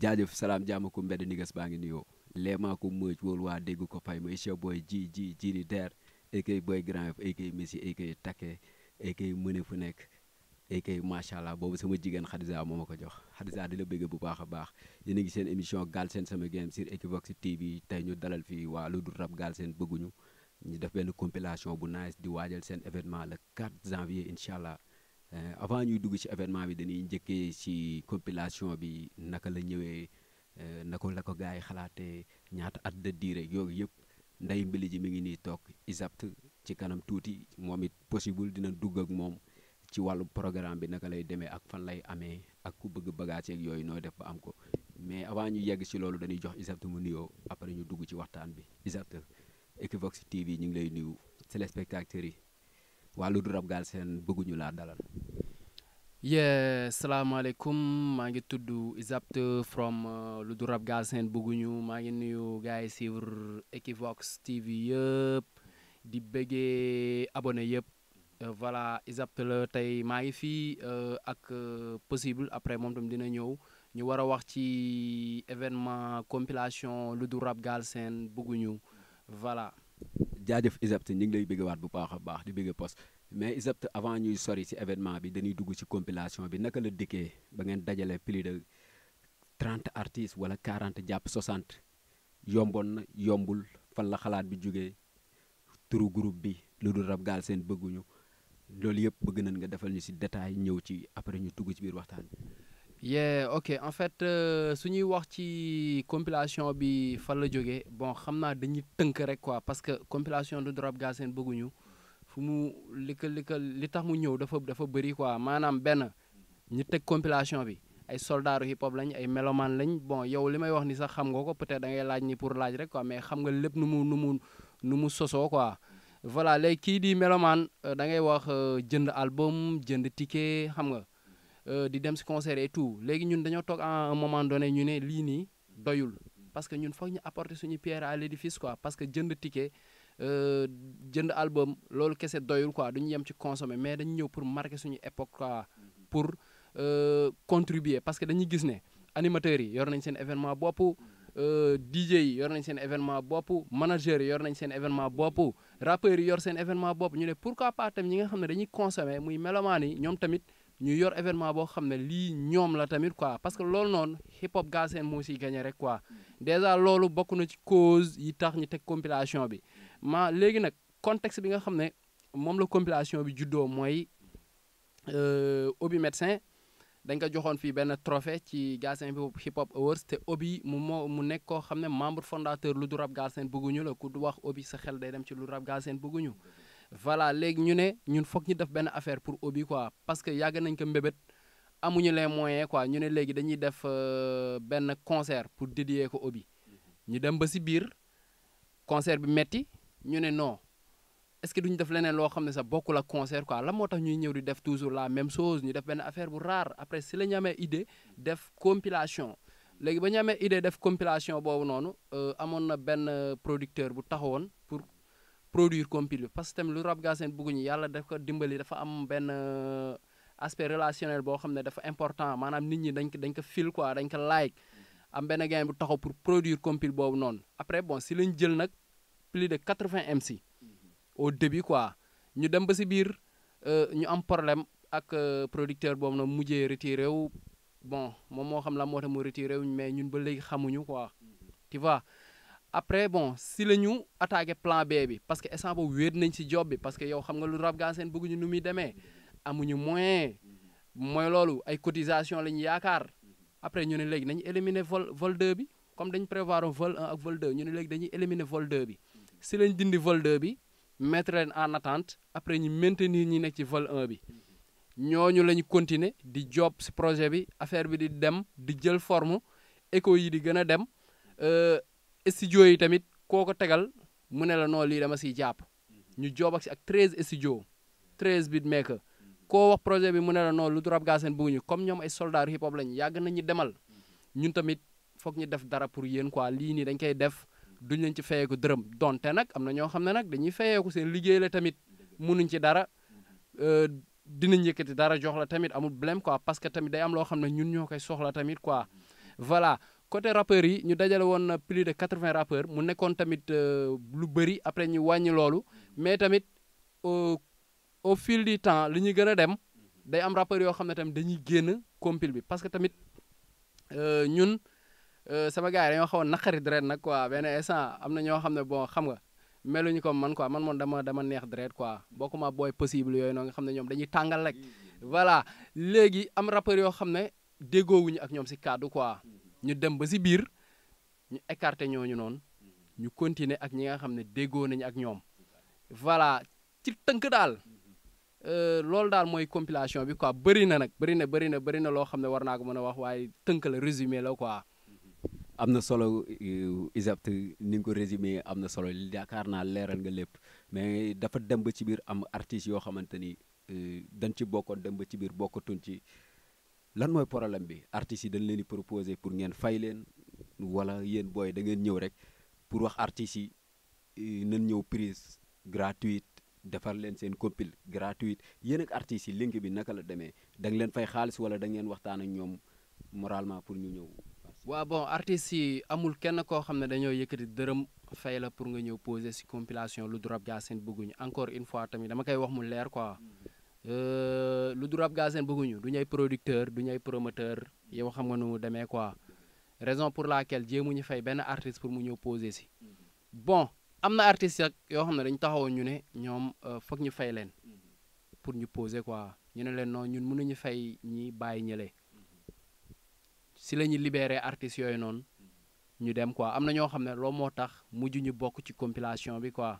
jaajëf salaam jàmm ku mbedd nigas baa ngi nuyoo léemaa ko mëj wóolu waa dégg ko fay mooy chef booy ji ji ji di der akay booy grand yof akay messi akay takke akay mëne fu nekk akay macha allah boobu sama jigéen Khadija moo ma ko jox Khadija di la bëgg bu baax a baax yéen a ngi seen émission Galsen Sama Game sur Equivox TV tey ñu dalal fii waa lu dul rap Galsen bëgguñu ñu def benn compilation bu nice di waajal seen événement le 4 janvier incha allah Euh, avant ñuy dugg ci événement bi dañuy njëkkee ci compilation bi naka la ñëwee euh, naka la ko gars yi xalaatee ñaata at de diire yooyu yëpp nday mbili ji mi ngi nii toog isapt ci kanam tuuti moom it possible dina dugg ak moom ci wàllu programme bi naka lay demee ak fan lay amee ak ku bëgg bagage yooyu noo def ba am ko mais avant ñu yegg ci loolu dañuy jox isapt mu nuyoo après ñu dugg ci waxtaan bi isapt Equivox TV ñu ngi lay nuyu téléspectateurs yi waa lu du rab gaal seen bëgguñu laa dalal yee salaamaaleykum maa ngi tudd Isapt from uh, lu du rab gaal seen bëgguñu maa ngi nuyu gars yi suivre Equivox TV yëpp di bëggee abonné yëpp euh, voilà Isapt la tey maa ngi fii euh, ak euh, possible après moom tam dina ñëw ñu war a wax ci événement compilation lu du rap Galsen bëgguñu voilà jaajëf Izepte ñu ngi lay bëgg waat bu baax a baax di bëgg pos mais Izepte avant ñuy sori ci événement bi dañuy dugg ci compilation bi naka la dikkee ba ngeen dajale plus de trente artistes wala quarante jàpp soixante yomboon na yombul fan la xalaat bi jógee turu groupe bi lu dul rab gaal seen bëgguñu loolu yëpp bëgg nañ nga defal ñu ci détail ñëw ci après ñu dugg ci biir waxtaan bi. yeah ok en fait euh, su ñuy wax ci compilation bi fan la jógee bon xam naa dañuy tënk rek quoi parce que compilation du Drop Galsen bëgguñu fu mu li ko li tax mu ñëw dafa dafa bëri quoi maanaam benn ñu teg compilation bi ay soldaaru hip hop lañ ay melomaan lañ bon yow li may wax ni sax xam nga ko peut-être da ngay laaj ni pour laaj rek quoi mais xam nga lépp nu mu nu mu nu mu sosoo quoi. voilà léegi kii di melomaan euh, da ngay wax euh, jënd album jënd tike xam nga. Euh, di dem si concert et tout léegi ñun dañoo toog à un moment donné ñu ne lii nii doyul parce que ñun foog ñu apporter suñu pierre à l'édifice quoi parce que jënd ticket euh, jënd album loolu kese doyul quoi ñu yem ci consommer mais dañu ñëw pour marquer suñu époque quoi pour euh, contribuer parce que dañuy gis ne animateurs yi yor nañ seen événement bopp DJ yi yor nañ seen événement bopp manager yi yor nañ seen événement bopp rappeurs yor seen événement bopp ñu ne pourquoi pas tam ñi nga xam ne dañuy consommer muy melomaan yi ñoom tamit ñu yor événement boo xam ne lii ñoom la tamit quoi parce que loolu noonu hip hop Galsen moo siy gagné rek quoi déjà loolu bokk na ci cause yi tax ñu teg compilation bi ma léegi nag contexte bi nga xam ne moom la compilation bi juddoo mooy euh, Obi médecin dañ ko joxoon fii benn trophée ci Galsen hip hop si te Obi mu moo mu nekk koo xam ne membre fondateur lu du rap Galsen bëgguñu la ku wax Obi sa xel day dem ci lu rab Galsen bëgguñu voilà léegi ñu ne ñun foog ñu def benn affaire pour Obi quoi parce que yàgg nañ ko mbébét amuñu les moyen quoi ñu ne léegi dañuy def euh, benn concert pour dédier ko Obi mm-hmm. ñu dem ba si biir concert bi metti ñu ne non est que duñu def leneen loo xam ne sax bokkul ak concert quoi la moo tax ñuy ñëw di def toujours la même chose ñu def benn affaire bu rare après si la ñu amee idée def compilation léegi ba ñu amee idée def compilation boobu noonu euh, amoon na benn euh, producteur bu taxawoon produire comme pil bi parce que tamit lu rab gaaseen bugguñu yàlla daf ko dimbali dafa am benn euh, aspect relationnel boo xam ne dafa important maanaam nit ñi dañ ko dañ ko fil quoi dañ ko like am benn gain bu taxaw pour produire compil boobu noonu après bon si lañ jël nag plus de quatre-vingts MC mm-hmm. au début quoi ñu dem ba si biir euh, ñu am problème ak euh, producteur boobu noonu mujjee retiré wu bon moom moo xam la moo tax mu retiré mais ñun ba léegi xamuñu quoi mm-hmm. après bon si la ñu attaqué plan B bi parce que instant boobu wéet nañ si job bi parce que yow xam nga lu rab gaan seen bëgguñu nu muy demee amuñu moyen mooy loolu ay cotisation lañu yaakaar après ñu ne léegi nañu éliminer vol vol 2 bi comme dañ prévoir vol 1 ak vol 2 ñu ne léegi dañuy éliminer vol 2 bi si lañ dindi vol 2 bi mettre leen en attente après ñu maintenir ñi nekk ci vol 1 bi ñooñu la ñu continuer di job si projet bi affaire bi di dem di jël forme écho yi di gën a dem euh, studio yi tamit koo ko tegal mu ne la non lii dama siy jàpp mhm. ñu joobak si ak treize studio treize bit maker mhm. koo wax projet bi mu ne la non lu du rab gaa seen bëgguñu comme ñoom ay soldats hip hop lañ yàgg nañ ñu demal mhm. ñun tamit foog ñu def dara pour yéen quoi lii nii dañ koy def duñ leen ci fayeeku dërëm donte nag am na ñoo xam ne nag dañuy fayeeku seen liggéey la tamit munuñ ci dara euh, dinañ yëkkati dara jox la tamit amul blème quoi parce que tamit day am loo xam ne ñun ñoo koy soxla tamit quoi côté rappeurs yi ñu dajale woon plus de quatre vingt rappeurs mu nekkoon tamit euh, lu bëri après ñu wàññi loolu mais tamit au au fil du temps li ñuy gën a dem day am rappeurs yoo xam ne tamit dañuy génn compil bi parce que tamit euh, ñun euh, sama gars yi dañoo xaw a naqari deret nag quoi benn instant am na ñoo xam ne bon xam nga ñu ko man ko man moom dama dama neex deret quoi ma booy possible yooyu noonu nga xam ne ñoom dañuy tàngal rek mm-hmm. voilà léegi am rappeurs yoo xam ne déggoowuñu ak ñoom si kàddu quoi. ñu dem ba si biir ñu écarté ñooñu noonu ñu continuer ak ñi nga xam ne déggoo nañu ak ñoom voilà ci tënk daal euh, loolu daal mooy compilation bi quoi bëri na nag bëri na bëri na bëri na loo xam ne war naa ko mën a wax waaye tënk la résumé la quoi. am na solo euh, Isapt ni nga ko résumé am na solo yaakaar naa leeral nga lépp mais dafa dem ba ci biir am artistes yoo xamante ni euh, dañ ci bokkoon dem ba ci biir bokkatuñ ci. lan mooy problème bi artistes yi dañ leen di proposer pour ngeen fay leen wala yéen booy da ngeen ñëw rek pour wax artistes yi eh, nañ ñëw prise gratuite defar leen seen compil gratuite yéen ak artistes yi link bi naka la demee da leen fay xaalis wala da ngeen waxtaan ak ñoom moralement pour ñu ñëw. waaw bon artistes yi amul kenn koo xam ne dañoo yëkkati dërëm fay la pour nga ñëw poser ci compilation lu Dorob Diassène bëgguñu encore une fois tamit dama koy wax mu leer quoi. Mm-hmm. Euh, lu du rap Galsen bëgguñu du ñuy producteur du ñuy promoteur yow xam nga nu mu demee quoi raison pour la laquelle jéemu ñu fay benn artiste pour mu ñëw poser si bon am na artistes yak yoo xam ne dañu taxawoon ñu ne ñoom euh, foog ñu fay leen pour ñu poser quoi ñu ne leen non ñun mënuñu fay ñi bàyyi ñële si lañuy ñuy libéré yooyu noonu ñu dem quoi am na ñoo xam ne loolu moo tax mujj ñu bokk ci compilation bi quoi.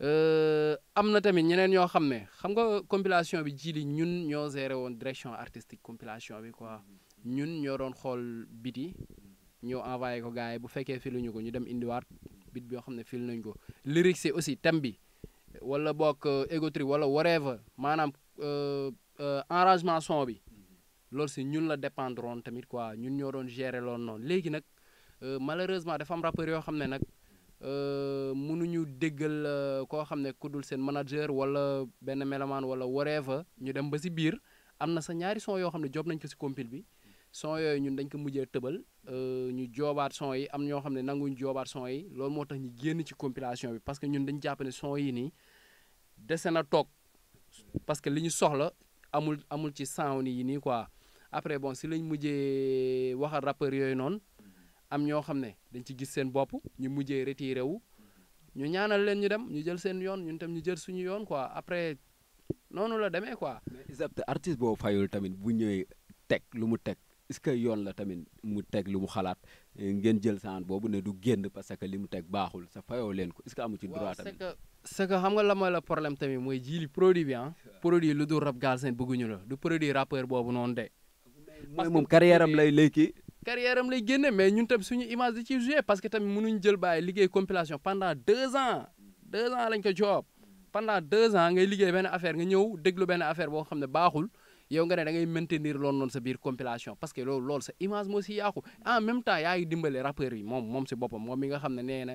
Euh, am na tamit ñeneen ñoo xam ne xam nga compilation bi ji li ñun ñoo géré woon direction artistique compilation bi quoi ñun ñoo doon xool biti ñoo envoyé ko gars yi bu fekkee filuñu ko ñu dem indiwaat bit bi yoo xam ne fil nañ ko lyrics si aussi thème bi wala bokk euh, ego trip wala whatever maanaam euh, arrangement son bi loolu si ñun la dépendroon tamit quoi ñun ñoo doon géré loon noonu léegi nag malheureusement dafa am yoo xam ne nag Euh, mënuñu déggal euh, koo xam ne ku dul seen manager wala benn melamaan wala whatever ñu dem ba si biir am na sa ñaari son yoo xam ne job nañ ko si compil bi son yooyu ñun dañ ko mujjee tëbal euh, ñu joobaat son yi am ñoo xam ne nanguñ joobaat son yi loolu moo tax ñu génn ci compilation bi parce que ñun dañ jàpp son yi nii dese na toog parce que li ñu soxla amul amul ci sound yi nii quoi après bon si lañ mujjee waxal rappeur yooyu noonu am ñoo xam ne dañ ci gis seen bopp ñu mujjee retiré wu ñu ñaanal leen ñu dem ñu jël seen yoon ñun tam ñu jël suñu yoon quoi après noonu la demee quoi. mais exact artiste boobu fayul tamit bu ñëwee teg lu mu teg est-ce yoon la tamit mu teg lu mu xalaat ngeen jël saan boobu ne du génn parce que li mu teg baaxul sa fayoo leen ko est ci droit tamit. waaw c'est que xam nga la mooy la problème tamit mooy jiili produit bi ah. produit lu dul rap Galsen bëgguñu la du produit rappeur boobu noonu de. parce moom carrière am lay léegi. carrière am lay génne mais ñun tam suñu image di ci joué parce que tamit mënuñ jël bàyyi liggéey compilation pendant deux ans deux ans lañ ko job pendant deux liggéey benn affaire nga ñëw déglu benn affaire boo xam ne baaxul yow nga ne da ngay maintenir loolu sa biir compilation parce que loolu loolu sa image moo si yàqu en même temps yaa ngi dimbale rappeurs yi moom moom si boppam moom mi nga xam ne nee na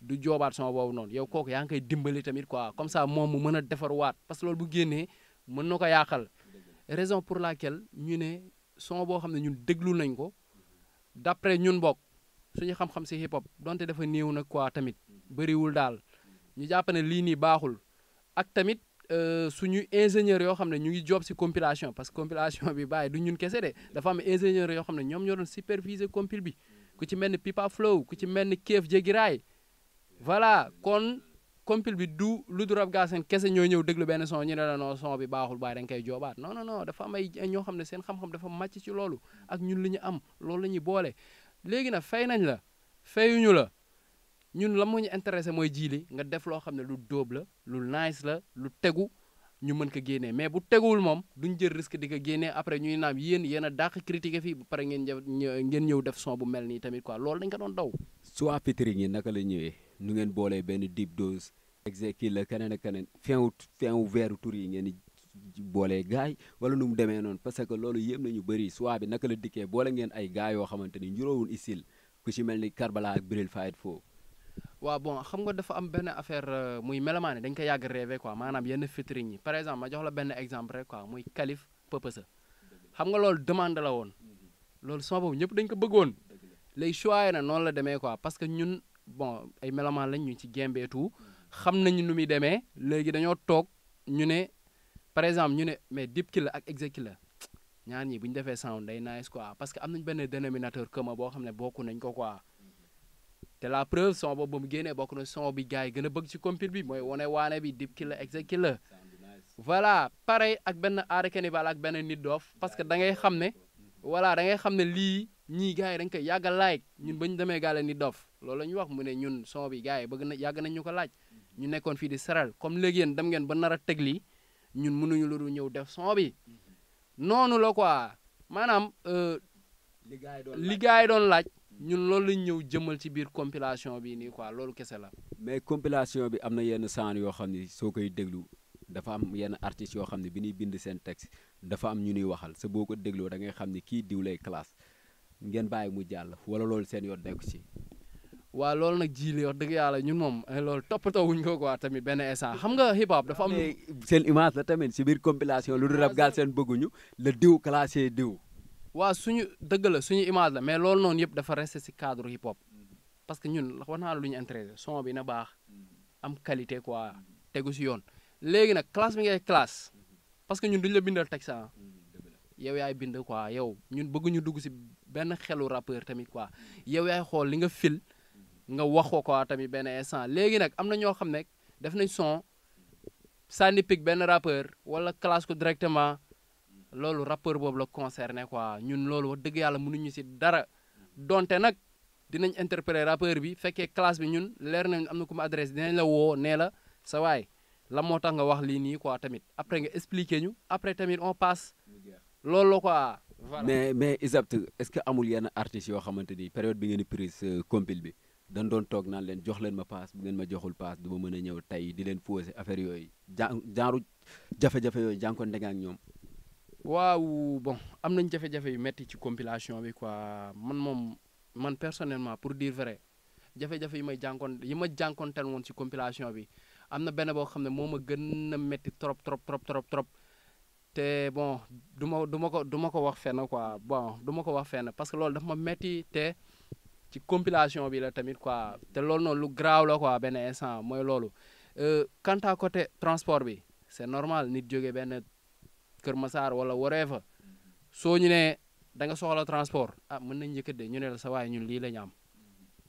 du joobaat sama boobu noonu yow kooku yaa ngi koy dimbali tamit quoi comme ça moom mu mën a defarwaat parce que loolu bu génnee mën na ko yàqal raison pour laquelle ñu ne son boo xam ne ñun déglu nañ ko d'après ñun bokk suñu xam-xam si hip hop donte dafa néew nag quoi tamit bëriwul daal ñu jàpp ne lii nii baaxul ak tamit euh, suñu ingénieur yoo xam ne ñu ngi job si compilation parce que compilation bi bàyyi du ñun kese de dafa am ingénieur yoo xam ne ñoom ñoo doon superviser compil bi ku ci mel ni Pipa Flow ku ci mel ni Keef Jégiraay voilà kon. compil bi du lu du rab gaasen kese ñoo ñëw déglu benn son ñu ne la non son bi baaxul baay da nga koy joobaat non non non dafa am ñoo xam ne seen xam-xam dafa màcc ci loolu ak ñun li ñu am loolu la ñuy boole léegi nag fay nañ la fayuñu la ñun la moo ñu mooy jiili nga def loo xam ne lu dóob la lu nice la lu tegu ñu mën ko génnee mais bu teguwul moom duñ jël risque di ko après ñuy naam yéen yéen a dàq critiqué fii ba pare ngeen ngeen ñëw def son bu mel nii tamit quoi loolu dañ ko doon daw. su affaire yi naka la ñëwee. nu ngeen boolee benn deep dose exequi la keneen a keneen fin août fin août tur yi ngeen boolee gaay wala nu mu demee noonu parce que loolu yéem nañu bëri soit bi naka la dikkee boole ngeen ay gars yoo xamante ni njuróowul isil ku ci mel ni Karbala ak Bril Fayed foofu waaw bon xam nga dafa am benn affaire euh, muy mélomane dañ ko yàgg rêvé quoi maanaam yenn featuring yi par exemple ma jox la benn exemple rek quoi muy Kalif Pëpësa xam nga loolu demande la woon mhm. loolu son boobu ñëpp dañ ko bon ay melomaan lañ ñu ci tu xam nañu nu muy demee léegi dañoo toog ñu ne par exemple ñu ne mais Dip Killer ak Exa Killer ñaar ñi bu ñu defee sound day nice quoi parce que am nañ benn dénominateur commun boo xam ne bokk nañ ko quoi te la preuve son boobu ba mu génnee bokk na son bi gars yi gën a bëgg ci compil bi mooy wane waane bi Dip Killer Exa Killer voilà pareil ak benn aada cannibal ak benn nit doof parce que da ngay xam ne voilà da ngay xam ne lii ñii gars yi dañ koy yàgg a laaj ñun mm. ba ñu demee gaale ni dof loolu la ñu wax mu ne ñun son bi gars yi bëgg na yàgg nañ ñu ko laaj mm. ñu nekkoon fii di saral comme léegi yéen dem ngeen ba nara a teg lii ñun mënuñu lu dul ñëw def son bi mm-hmm. noonu la quoi maanaam euh, li gars yi doon laaj li doon laaj mm. ñun loolu lañ ñëw jëmal ci biir compilation bi nii quoi loolu kese la. mais compilation bi am na yenn saan yoo xam ni soo koy déglu. dafa am yenn artistes yoo xam ne bi ñuy bind seen texte dafa am ñu ñuy waxal sa boo ko dégloo da ngay xam ne kii diw lay classe ngeen bàyyi mu jàll wala loolu seen yoon nekku si waaw loolu nag jiile wax dëgg yàlla ñun moom eh, loolu toppatoo wuñ ko quoi tamit benn instant xam nga hip dafa am. seen image la tamit si biir compilation lu dul rap Galsen bëgguñu la diw classé diw. waaw suñu dëgg la suñu image la mais loolu noonu yëpp dafa resté si cadre hip hop parce que ñun wax naa lu ñu intéressé son bi na baax am qualité quoi tegu si yoon léegi nag classe bi ngay classe parce que ñun duñ la bindal teg ah. mm, sa yow yaay bind quoi yow ñun bëgguñu dugg si. benn xelu rappeur tamit quoi yow yaay xool li nga fil nga wax waxoo ko tamit benn instant léegi nag am na ñoo xam ne def nañ son sànni pic benn rappeur wala classe ko directement loolu rappeur boobu la concerné quoi ñun loolu wax dëgg yàlla mun ñu si dara donte nag dinañ interpeller rappeur bi fekkee classe bi ñun leer nañ am na ku ma adresse dinañ la woo nee la sa waay la moo tax nga wax lii nii quoi tamit après nga expliquer ñu après tamit on passe loolu mais mais exact est-ce que amul yenn artistes yoo xamante ni période bi ngeen di prise euh, compil bi dañ doon toog naan leen jox leen ma paas bu ngeen ma joxul paas du ma mën a ñëw tey di leen posé affaire yooyu genre jafe-jafe yooyu jànkoon da nga ak ñoom. waaw bon am nañ jafe-jafe yu metti ci compilation bi quoi man moom man personnellement pour dire vrai jafe-jafe yi may jànkoon yi ma jànkoontel woon ci compilation bi am na benn boo xam ne moo ma gën a metti trop trop trop trop trop. te bon du ma du ma ko du ko wax fenn quoi bon du ma ko wax fenn parce que loolu dafa ma métti te ci compilation bi la tamit quoi te loolu noonu lu graaw ko quoi benn instant mooy loolu euh, quant à côté transport bi c'est normal nit joge benn Kër Massar wala wareefa soo ñu nee da nga soxla transport ah mën nañ yëkkat de ñu ne sa waaye ñun lii la ñu am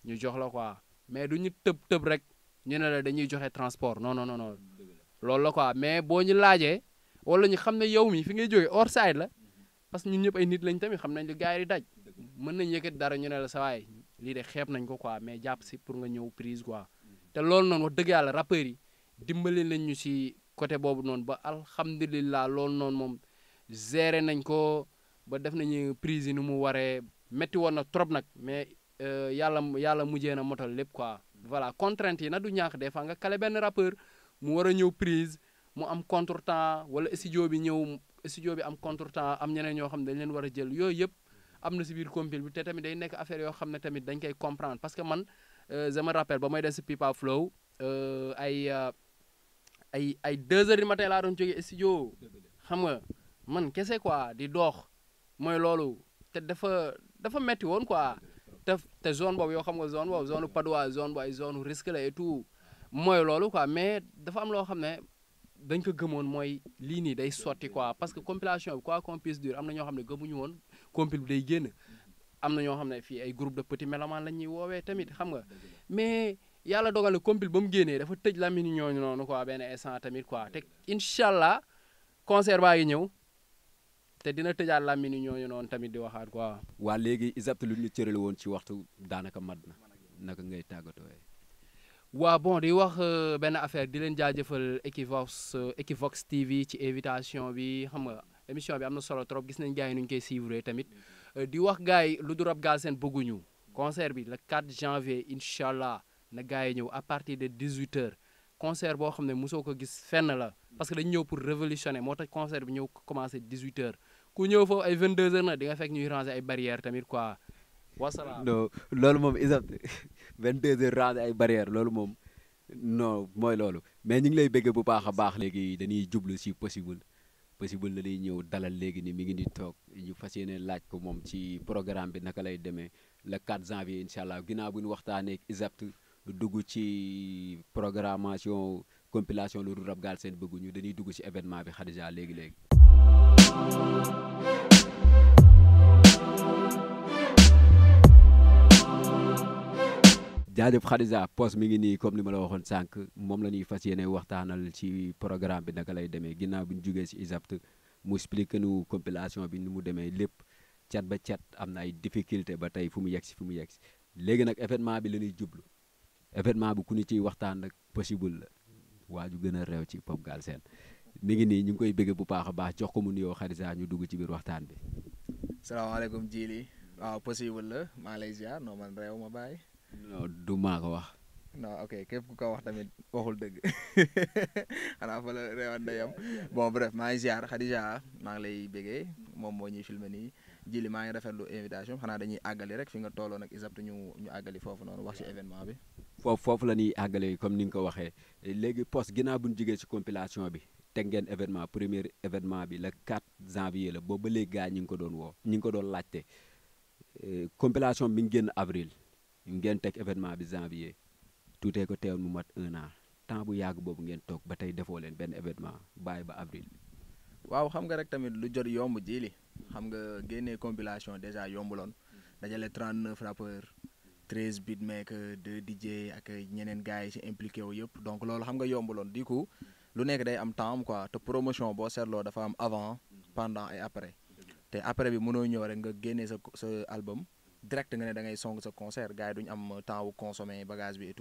ñu jox la quoi mais du ñu tëb tëb rek ñu ne dañuy joxe transport non non loolu la quoi mais boo ñu laajee. wala ñu xam ne yow mi fi ngay jógee hors side la parce que ñun ñëpp ay nit lañ tamit xam nañ li gars yi di daj mën nañ yëkkat dara ñu ne la sa lii de xeeb nañ ko quoi mais jàpp si pour nga ñëw prise quoi te loolu noonu wax dëgg yàlla rappeurs yi dimbali nañ ñu si côté boobu noonu ba alhamdulilah lool noonu moom géré nañ ko ba def nañu prise yi nu mu waree métti woon na trop nag mais euh, yàlla yàlla mujjee na motal lépp quoi voilà contrainte yi nag du ñaax des fois nga kale benn rappeur mu war a ñëw prise mu am contre contretemps wala studio bi ñëw studio bi am contre contretemps am ñeneen ñoo xam ne dañ leen war a jël yooyu yëpp am na si biir compil bi te tamit day nekk affaire yoo xam ne tamit dañ koy comprendre parce que man euh, je me rappelle ba may des si Pipa euh, ay euh, ay ay deux heures du matin laa doon jógee xam nga man kese quoi di doox mooy loolu te dafa dafa metti woon quoi te te zone boobu yoo xam nga zone boobu zone Padois zone bu ay zone risque la et mooy loolu quoi mais dafa am loo xam ne dañ ko gëmoon mooy lii nii day sotti quoi parce que compilation bi quoi qu'on puisse dire am na ñoo xam ne gëmuñu woon compil bi day génn am na ñoo xam ne fii ay groupe de petits melomaan la ñuy woowee tamit xam nga mais yàlla dogale compil ba mu génnee dafa tëj lamini ñooñu noonu quoi benn instant tamit quoi te incha allah concert baa ngi ñëw te dina tëjaat lamini ñooñu noonu tamit di waxaat quoi. waa léegi exact lu ñu cërale woon ci waxtu daanaka mat na naka ngay tàggatoo waaw bon di wax euh, benn affaire di leen jaajëfal Equivox euh, Equivox TV ci invitation bi xam nga émission bi am na solo trop gis nañ gars yi nu ñu koy suivre tamit euh, di wax gars yi lu du rab Galsen bëgguñu concert bi le 4 janvier incha allah na gars yi ñëw à partir de 18h concert boo xam ne musoo ko gis fenn la parce que dañu ñëw pour révolutionner moo tax concert bi ñëw commencé 18h ku ñëw foofu ay 22h na di nga fekk ñuy ranger ay barrières tamit quoi. wasalaam loolu moom ISAB 22 heures rangé ay barrières loolu moom non mooy loolu mais ñu ngi lay bëgg bu baax a baax. léegi dañuy jublu si possible possible la lay ñëw dalal léegi nii mi ngi ni toog ñu fas yéene laaj ko moom ci programme bi naka lay demee le 4 janvier incha allah ginnaaw bu ñu waxtaanee ISAB dugg ci programmation compilation lu rab gaal seen bëgguñu dañuy dugg ci événement bi Khadija léegi léegi. jaajëf Khadija poste mi ngi nii comme ni ma la waxoon sànq moom la ñuy fas yéene waxtaanal ci programme bi naka lay demee ginnaaw bi ñu jugee si ISAPT mu expliqué nu compilation bi ni mu demee lépp cat ba cet am na ay difficulté ba tey fu mu yegg si fu mu yegg léegi nag événement bi la ñuy jublu événement bi ku ñu ciy waxtaan nag possible la waa ju gën a réew ci Pape Galsen mi ngi nii ñu ngi koy bëgg bu baax a baax jox ko mu nuyoo Khadija ñu dugg ci biir waxtaan bi. non du maa ko wax. non ok képp ku ko wax tamit waxul dëgg xanaa fa la réewan day am bon bref maa ngi ziar Khadija maa ngi lay bégee moom moo ñuy filmé nii jili maa ngi rafetlu invitation xanaa dañuy àggali rek fi nga tooloon ak isabtu ñu ñu àggali foofu noonu wax ci événement bi. foofu foofu la ñuy àggalee comme ni nga ko waxee léegi post ginnaa bu ñu jigee ci compilation bi te ngeen événement premier événement bi le 4 janvier la boobu ba léegi gars ñi ngi ko doon woo ñi ngi ko doon laajte euh, compilation bi ngi génn avril. ngeen teg événement bi janvier tuutee ko teewoon mu mat un an temps bu yàgg boobu ngeen toog ba tey defoo leen benn événement baay ba avril. waaw xam nga rek tamit lu jot yomb li xam nga génnee compilation déjà yombuloon dajale 39 rappeurs 13 beatmaker 2 DJ ak ñeneen gars yi ci impliqué wu yëpp donc loolu xam nga yombuloon di coup lu nekk day am temps quoi te promotion boo seetloo dafa am avant pendant et après te après bi mënoo ñëw rek nga génnee sa sa album. direct nga ne da ngay song sa concert gars yi duñu am temps wu consommer bagage bi et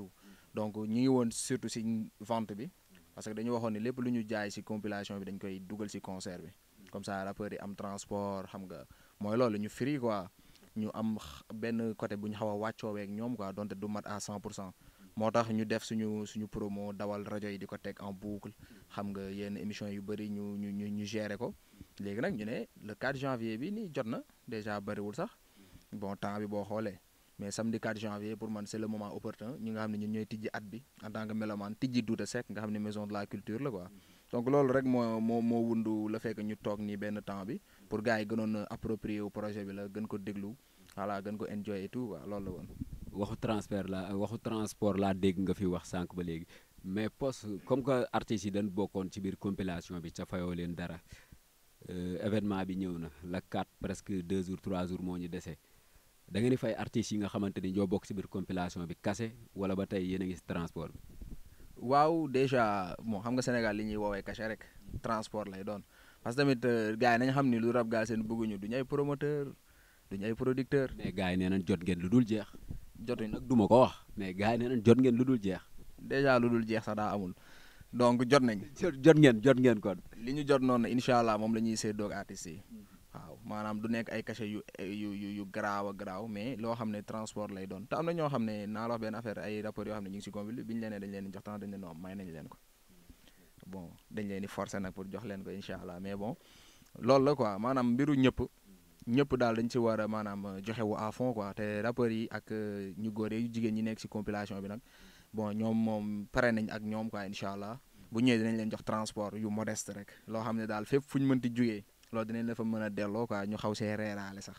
donc ñu ngi woon surtout si vente bi parce que dañu waxoon ne lépp lu ñu jaay si compilation bi dañ koy dugal si concert bi comme ça rappeurs yi am transport xam nga mooy loolu ñu frie quoi ñu am benn côté bu ñu xaw a wàccooweeg ñoom quoi donte du mat à cent pour cent moo tax ñu def suñu suñu promo dawal rajo yi di ko teg en boucle xam nga yenn émission yu bëri ñu ñu ñu ñu gérer ko léegi nag ñu ne le 4 janvier bi nii jot na déjà bëriwul sax. bon temps bi boo xoolee mais samedi 4 janvier pour man c' est le moment opportun ñi nga xam ne ñun ñooy tijji at bi en tant que mélomane tijji Douta Seck nga xam ne maison de la culture la quoi donc loolu rek moo moo moo wundu la fekk ñu toog nii benn temps bi pour gars yi gënoon approprié wu projet bi la gën ko déglu voilà gën ko enjoy et tout waa loolu la woon. waxu transfert la waxu transport laa dégg nga fi wax sànq ba léegi mais poste comme que artistes yi dañ bokkoon ci biir compilation bi ca fayoo leen dara euh, événement bi ñëw na la 4 presque 2 jours 3 jours moo ñu dese. da ngeen fay artistes yi nga xamante ni ñoo bokk si biir compilation bi kase wala ba tey yéen a ngi si transport bi. waaw déjà bon xam nga Sénégal li ñuy woowee cachet rek transport lay doon parce que tamit euh, gars yi nañu xam ni lu rab gaal seen bëgguñu duñu ay promoteur duñu ay producteur. mais gars yi nee nañ jot ngeen lu dul jeex. jotuñ nag duma ko wax mais gars yi nee nañ jot ngeen lu dul jeex. déjà lu dul jeex sax daa amul donc jot nañ. jot ngeen jot ngeen kon. li ñu jot noonu incha allah moom la ñuy séddoo ak artistes maanaam du nekk ay cachet yu yu yu yu garaaw a garaaw mais loo xam ne transport lay doon te am na ñoo xam ne naa la wax benn affaire ay rapport yoo xam ne ñu si convile bi ñu leen dañ leen jox temps leen ko bon dañ leen di forcer nag pour jox leen ko incha allah mais bon loolu la quoi maanaam mbiru ñëpp ñëpp daal dañ si war maanaam joxe wu à fond quoi te rappeurs yi ak euh, ñu góor yu jigéen ñi nekk si compilation bi nag bon ñoom moom pare nañ ak ñoom quoi incha allah bu ñëwee dañ leen jox transport yu modeste rek loo xam ne daal fépp fu ñu mënti jugee loolu dinañ la fa mën a delloo quoi ñu xaw see reeraale sax.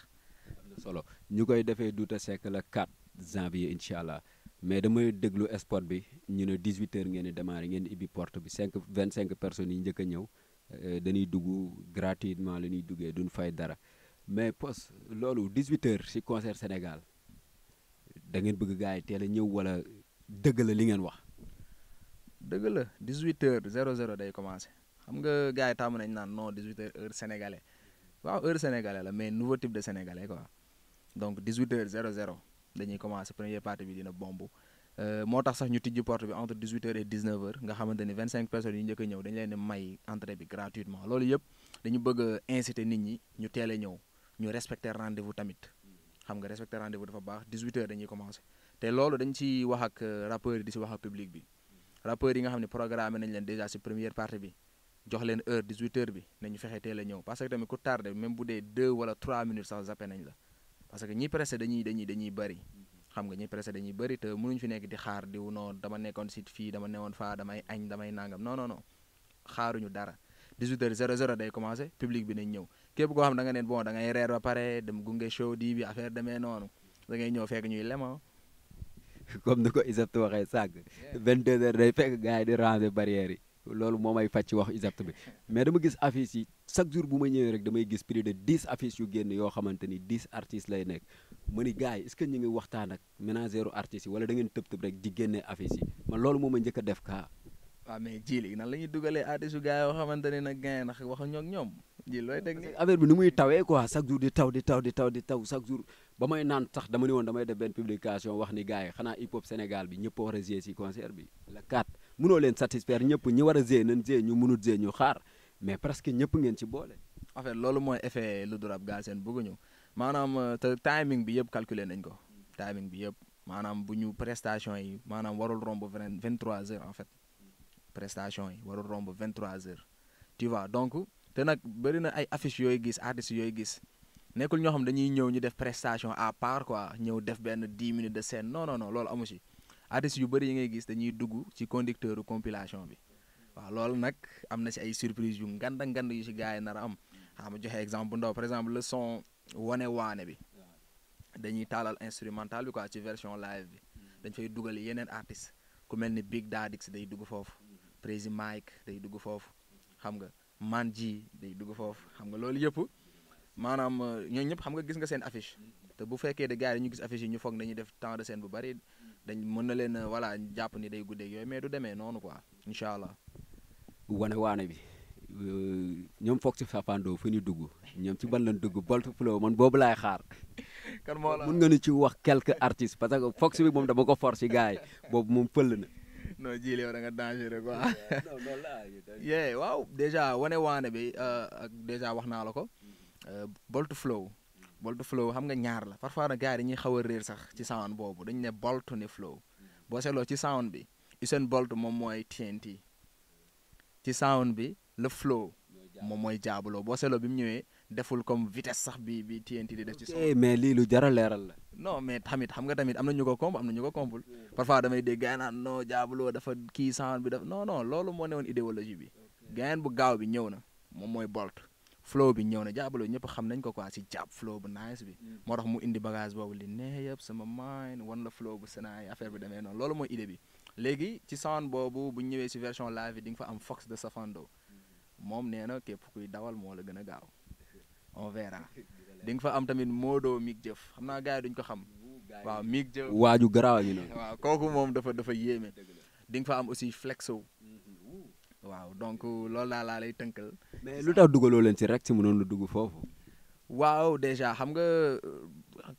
solo ñu koy defee Douta Seck la 4 janvier incha allah mais damay déglu esport bi ñu ne 18h ngeen di démarrer ngeen ibbi port bi vingt cinq personnes yi njëkk a ñëw euh, dañuy dugg gratuitement la ñuy duggee duñ fay dara mais pos loolu 18h ci concert Sénégal da ngeen bëgg gars yi teel a ñëw wala dëgg la li ngeen wax. dëgg la 18h00 day commencer. xam nga gars yi tàmm nañ naan non 18 heures heure sénégalais waaw heure sénégalais la mais nouveau type de sénégalais quoi donc 18 heures 00 dañuy commencé première partie bi dina bomb euh, moo tax sax ñu tijji porte bi entre 18 heures et 19 heures nga xamante ni 25 personnes yu njëkk a ñëw dañu leen may entrée bi gratuitement loolu yëpp dañu bëgg a nit ñi ñu teel a ñëw ñu respecte rendez-vous tamit xam nga respecter rendez-vous dafa baax 18 heures dañuy commencé te loolu dañ ci wax ak euh, rappeurs yi di wax ak public bi rappeurs yi nga xam ne programmé nañ leen déjà si première partie bi. jox leen heure 18 heures bi nañu fexe teel a ñëw parce que tamit ku tardé même bu dee 2 wala 3 minutes sax zappé nañ la parce que ñi pressé dañuy dañuy dañuy bëri xam nga ñi pressé dañuy bëri te mënuñ fi nekk di xaar diw non dama nekkoon sit fii dama newoon faa damay añ damay nangam non non xaaruñu dara 18 heures 00 day commencé public bi nañ ñëw képp koo xam da nga neen bon da ngay reer ba pare dem gunge show di bi affaire demee noonu da ngay ñëw fekk ñuy lema ah. comme ni ko Isabte waxee sànq 22 heures day fekk gars yi di ranger barrière yi. loolu moom ay fàcc wax exact bi mais dama gis affiche yi chaque jour bu ma ñëwee rek damay gis plus de dix yu génn yoo xamante ni dix artistes lay nekk ma ni gars yi est ngi waxtaan ak ménagèru artistes yi wala da ngeen tëb tëb rek di génne yi man loolu moom ma njëkk def kaa. waaw mais ji léegi nan la ñuy dugalee artistes yu gars yoo xamante ne nag gars yi ndax waxuñoo ak ñoom ji looy dégg. affaire bi nu muy tawee quoi chaque jour di taw di taw di taw di taw chaque jour ba naan sax dama ne woon damay def benn publication wax ni gars yi xanaa hip hop bi ñëpp a war a si bi la 4 munoo leen satisfaire ñëpp ñi war a gérer nañ gérer ñu mënut gérer ñu xaar mais presque ñëpp ngeen ci boole. en fait loolu mooy effet lu durab gaa seen bëgguñu maanaam euh, te timing bi yëpp calculer nañ ko timing bi yëpp maanaam bu ñu prestation yi maanaam warul romb vingt vingt trois heures en fait prestation yi warul romb vingt trois heures tu vois donc te nag bëri na ay affiches yooyu gis artistes yooyu gis. nekkul ñoo xam dañuy ñëw ñu def prestation à part quoi ñëw def benn dix minutes de scène non non non loolu amu si artistes yu bëri yi ngay gis dañuy dugg ci conducteur compilation bi waaw loolu nag am na si ay surprise yu nganda ngand yu si gaa yi nar a am xam nga joxe exemple bu ndaw par exemple le son wane waane bi dañuy taalal instrumental bi quoi ci version live bi dañ fay dugal yeneen artistes ku mel ni Big Dadix day dugg foofu Prési Mike day dugg foofu xam nga Man ji day dugg foofu xam nga loolu yëpp maanaam euh, ñooñu ñëpp xam nga gis nga seen affiche te bu fekkee de ñu gis affiche yi ñu def temps de scène bu bari dañ mën na leen voilà jàpp ni day guddeeg yooyu mais du demee noonu ko incha allah. wane waane bi euh, ñoom foog si Fapando fu ñu dugg ñoom ci ban lañ dugg Bolt Flow man boobu laay xaar. kan moo la mun nga ni ci wax quelques artistes parce que foog si bi moom dama ko force si gars yi boobu moom fël na. non jii yow da nga dangereux quoi. non waaw dèjà wane waane bi euh, ak dèjà wax naa la ko. Euh, Bolt Flow. bolt flow xam nga ñaar la parfois nag gars yi dañuy xaw réer sax ci sound boobu dañu ne bolt ne flow boo seetloo ci sound bi Usain Bolt moom mooy TNT ci sound bi le flow moom mooy jaabaloo boo seetloo bi mu ñëwee deful comme vitesse sax bi bi TNT di def ci sound mais lii lu jar a leeral la no mais tamit xam nga tamit am na ñu ko komp am na ñu ko kompul parfois damay dégg gars yi naan non jaabaloo dafa kii sound bi daf non non loolu moo ne woon idéologie bi gayen bu flow bi ñëw na jàppale ñëpp xam nañ ko quoi si jàpp flow bu nice bi. Mm. moo tax mu indi bagage boobu li nee yëpp sama mind wan la flow bu Sénégal affaire bi demee noonu loolu mooy idée bi. léegi ci sound boobu bu ñëwee si version live bi di nga fa am Fox de Safando mm-hmm. moom nee na képp kuy dawal moo la gën a gaaw on verra di nga fa am tamit Modou Mick Jëf xam naa gars duñ ko xam. waaw Mick Jëf waaju garaaw ñu noonu. waaw kooku moom dafa dafa yéeme. di nga fa am aussi Flexo. Mm. waaw donc loolu daal laa lay tënkal. mais lu tax dugaloo leen si rek si mënoon lu dugg foofu. waaw déjà xam nga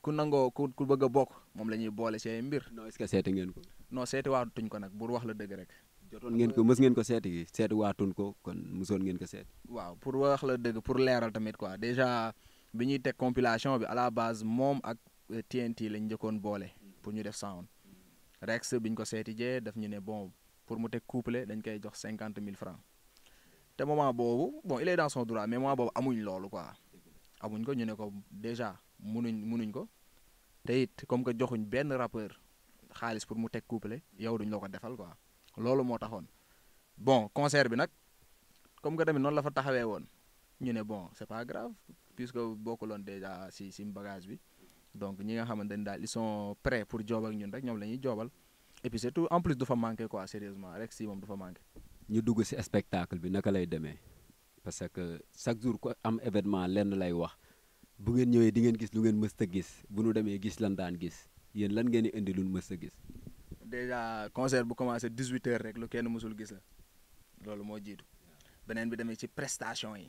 ku nangoo ku ku bëgg bokk moom la ñuy boole see mbir. non est seeti ngeen ko. non seeti waatuñ ko nag pour wax la dëgg rek. ko mës ngeen ko seeti gi seeti waatuñ ko kon mësoon ngeen ko seeti. waaw pour wax la dëgg pour leeral tamit quoi déjà bi ñuy teg compilation bi à la base moom ak TNT eh, lañ njëkkoon boole pour ñu def sound Rex biñ ko seeti jee daf ñu ne bon. pour mu teg couple dañ koy jox cinquante mille francs te moment boobu bon il est dans son droit mais moment boobu amuñ loolu quoi amuñ ko ñu ne ko déjà munuñ munuñ ko te it comme que joxuñ benn rappeur xaalis pour mu teg couple yow duñ la ko defal quoi loolu moo taxoon bon concert bi nag comme que tamit noonu la fa taxawee woon ñu ne bon c'est pas grave puisque bokkuloon déjà si si bagage bi donc ñi nga xamante ni daal ils sont prêts pour joob ñun rek ñoom la ñuy joobal. et puis en plus du fa manqué quoi sérieusement rek si moom du fa manqué. ñu dugg si spectacle bi naka lay demee parce que chaque jour ko am événement lenn lay wax bu ngeen ñëwee di ngeen gis lu ngeen mës gis bu nu demee gis lan daan gis yéen lan ngeen di indi lu nu mës gis. déjà concert bu commencé 18h rek lu kenn mësul gis la loolu moo jiitu beneen bi demee ci prestation yi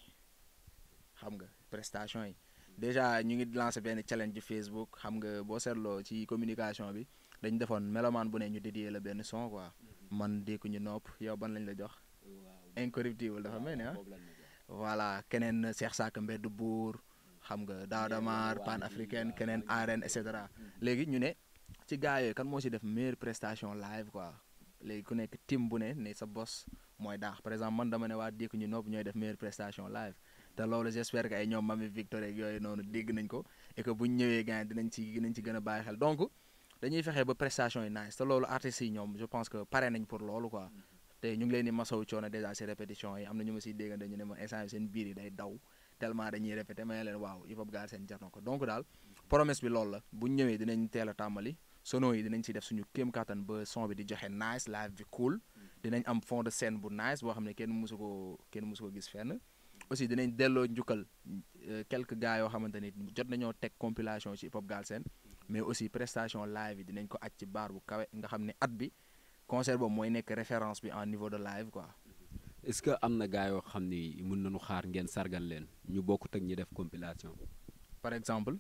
xam nga prestation yi déjà ñu ngi lancé benn challenge Facebook xam nga boo seetloo ci communication bi. dañ defoon melomaan bu ne ñu dédié la benn son quoi man diku ñu nopp yow ban lañ la jox incorruptible dafa mel ni ah voilà keneen Cheikh Sakk mbedd buur xam nga Daadamar pan africaine keneen arène et cetera léegi ñu ne ci gars yooyu kan moo si def meilleure prestation live quoi léegi ku nekk team bu ne ne sa bos mooy daax par exemple man dama ne waa diku ñu nopp ñooy def meilleure prestation live te loolu j'espère que ay ñoom mami Victor ak yooyu noonu dégg nañ ko et que buñ ñëwee gars dinañ ci dinañ ci gën a bàyyi xel donc dañuy fexe ba prestation yi nice te loolu artistes yi ñoom je pense que pare nañ pour loolu quoi mm-hmm. te ñu ngi leen di masaw coono dèjà si répétition yi am na ñu ma siy déggante ñu ne ma instant seen biir yi day daw tellement dañuy répété ma ne leen waaw hip hop gaal seen jar na ko donc daal promesse bi loolu la bu ñu ñëwee dinañ teel tàmbali sono yi dinañ si def suñu kéem ba son bi di joxe nice live bi cool mm-hmm. am fond de scène bu nice boo xam ne kenn mësu ko kenn mësu gis fenn aussi dinañ delloo njukkal euh, quelques gars yoo xamante ni jot nañoo teg compilation ci hip hop gaal seen mais aussi prestation live yi dinañ ko aj ci baar bu kawe nga xam ne at bi concert mooy nekk référence bi en niveau de live quoi. est-ce que am na gars yoo xam ni mën nañu xaar ngeen sargal leen ñu bokkut ak ñu def compilation. par exemple.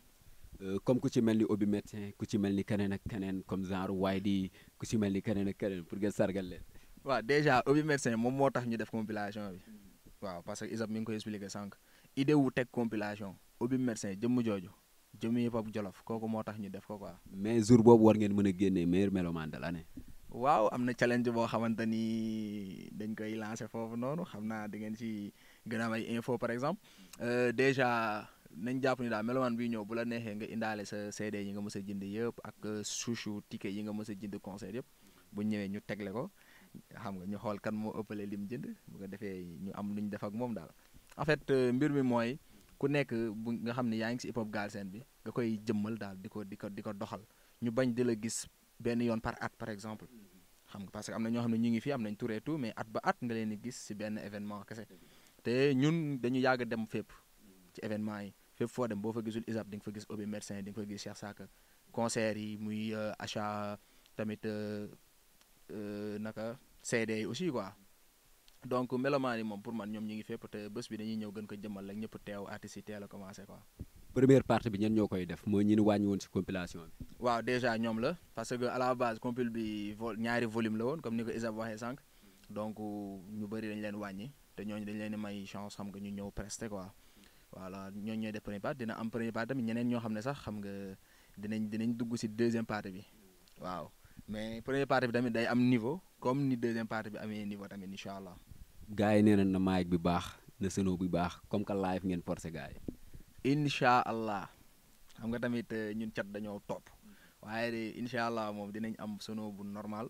Euh, comme ku ci mel ni obi médecin ku ci mel ni keneen ak keneen comme genre waaye di ku ci mel ni keneen ak keneen pour ngeen sargal leen. waa déjà obi médecin moom moo tax ñu def compilation bi. Mm-hmm. waaw parce que Isab mi ngi koy expliqué sànq idée wu teg compilation obi médecin jëmm jooju. jëmmi hip hop jolof kooku moo tax ñu def ko quoi. mais jour boobu war ngeen mën a génnee meilleur mélomane de l'année. waaw am na challenge boo xamante ni dañ koy lancer foofu noonu xam naa di ngeen ci gën a am ay info par exemple euh, déjà nañ jàpp ni daal mélomane bi ñëw bu la neexee nga indaale sa CD yi nga mës a jënd yëpp ak chouchou euh, ticket yi nga mës a jënd concert yëpp bu ñëwee ñu tegle ko xam nga ñu xool kan moo ëppale lim jënd bu ko defee ñu am lu ñu def ak moom daal euh, mbir mi mooy. ku nekk bu nga xam ne yaa ngi si hip hop Galsen bi nga koy jëmmal daal di ko di ko di ko doxal ñu bañ di la gis benn yoon par at par exemple xam nga parce que am na ñoo xam ne ñu ngi fi am nañ tour et tout mais at ba at nga leen di gis si benn événement kese te ñun dañu yàgg dem fépp ci événement yi fépp foo dem boo fa gisul ISAB di nga fa gis Obi médecin di nga fa gis Cheikh Saka concert yi muy euh, achat tamit euh, euh, naka CD yi aussi quoi donc melomaan yi moom pour man ñoom ñu ngi fépp te bés bi dañuy ñëw gën ko jëmmal rek ñëpp teew artistes yi teel a commencé quoi. première partie bi ñen ñoo koy def mooy ñi ñu wàññi woon si compilation bi. waaw déjà ñoom la parce que à la base compil bi vol ñaari volume woon comme ni ko donc ñu bëri dañ leen wàññi te ñooñu dañ leen di may chance xam nga ñu ñëw presté quoi voilà ñooñu ñooy def première partie dina am première partie tamit ñeneen ñoo xam ne sax xam nga dinañ dugg si deuxième partie bi waaw mais première partie bi tamit day am niveau comme ni deuxième partie bi amee niveau tamit incha allah. gars yi nee nañ na mic bi baax na seno bi baax comme que live ngeen forcé gars yi. incha allah xam nga tamit euh, ñun cat dañoo topp waaye de incha allah moom dinañ am seno bu normal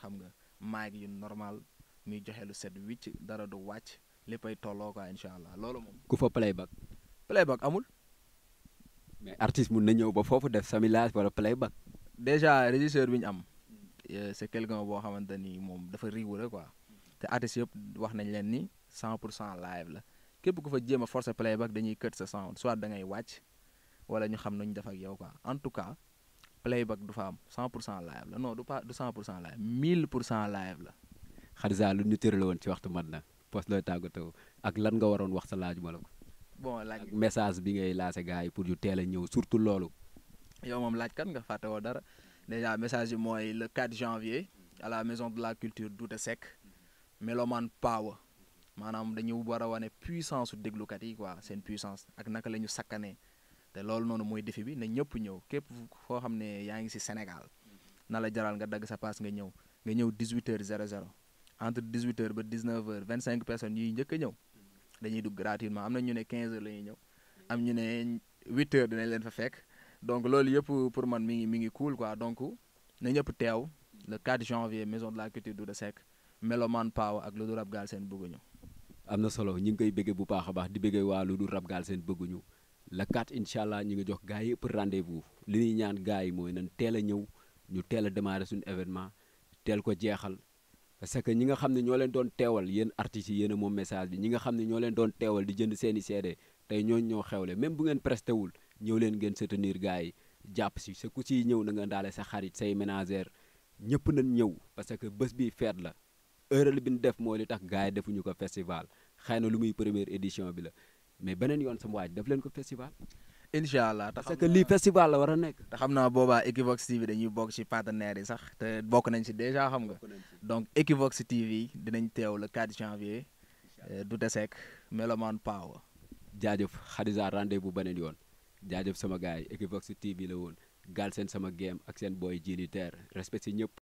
xam nga mic yu normal muy joxe lu set wicc dara du wàcc léppay tolloo quoi incha allah loolu moom. ku fa playback. playback amul. mais artiste mun na ñëw ba foofu def samilage wala playback. déjà régisseur bi ñu am. Euh, c' est quelqu'un boo xamante ni moom dafa rek quoi. te artistes yëpp wax nañ leen ni 100 pour cent live la képp ku fa jéem a forcer playback dañuy kët sa cent soit da wàcc wala ñu xam nañu def ak yow quoi en tout cas playback du fa am cent pour cent live la no du pas du 100 pour cent live mille pour cent live la. Xarisa lu ñu tërale woon ci waxtu mat na post looy tàggatoo ak lan nga waroon wax sa laaj ma la ko. bon laaj ak message bi ngay laase gars yi pour yu teel a ñëw surtout loolu. yow moom laaj kan nga fàtte woo dara déjà message bi mooy le 4 janvier à la maison la culture Douta Seck. melomaan power maanaam dañu war a wane puissance su déglukat yi quoi seen puissance ak naka la ñu sakkanee te loolu noonu mooy défi bi na ñëpp ñëw képp foo xam ne yaa ngi si Sénégal na la jaral nga dagg sa paas nga ñëw nga ñëw 18h00 entre 18h ba 19 vingt 25 personnes yuy njëkk a ñëw dañuy dugg gratuitement am na ñu ne quinze h la ñëw am ñu ne huit h dinañ leen fa fekk donc loolu yëpp pour man mi ngi mi ngi cool quoi donc na ñëpp teew le 4 janvier maison de la culture Douta Seck melomaan paawa ak lu dul rab gaal seen bëgguñu. am na solo ñu ngi koy bu baax a baax di bëggee waa lu dul seen bëgguñu la kat incha allah ñu ngi jox gars yi yëpp rendez-vous li ñuy ñaan gars yi mooy nan teel a ñëw ñu teel a démarrer suñu événement teel ko jeexal. parce que ñi nga xam ne ñoo leen doon teewal yéen artistes yi yéen moom message bi ñi nga xam ne ñoo leen doon teewal di jënd seeni i CD tey ñooñu ñoo xewle même bu ngeen presté wul ñëw leen ngeen soutenir gars yi jàpp si sa ku siy ñëw na nga daale sa xarit say ménagère ñëpp nañ ñëw parce que bés bi feet la erreur bi ñu def mooy li tax gars yi defuñu ko festival xëy na lu muy première édition bi la mais beneen yoon sama waaj def leen ko festival. incha allah parce que lii festival la war nekk. te xam naa boobaa Equivox TV dañuy bokk ci partenaires yi sax te bokk nañ si déjà xam nga. donc Equivox TV dinañ teew le 4 janvier. du euh, desek Meloman Power. jaajëf Khadija rendez-vous bu beneen yoon jaajëf sama gars yi Equivox TV la woon gaal seen sama game ak seen booy jili teer respect ci ñëpp.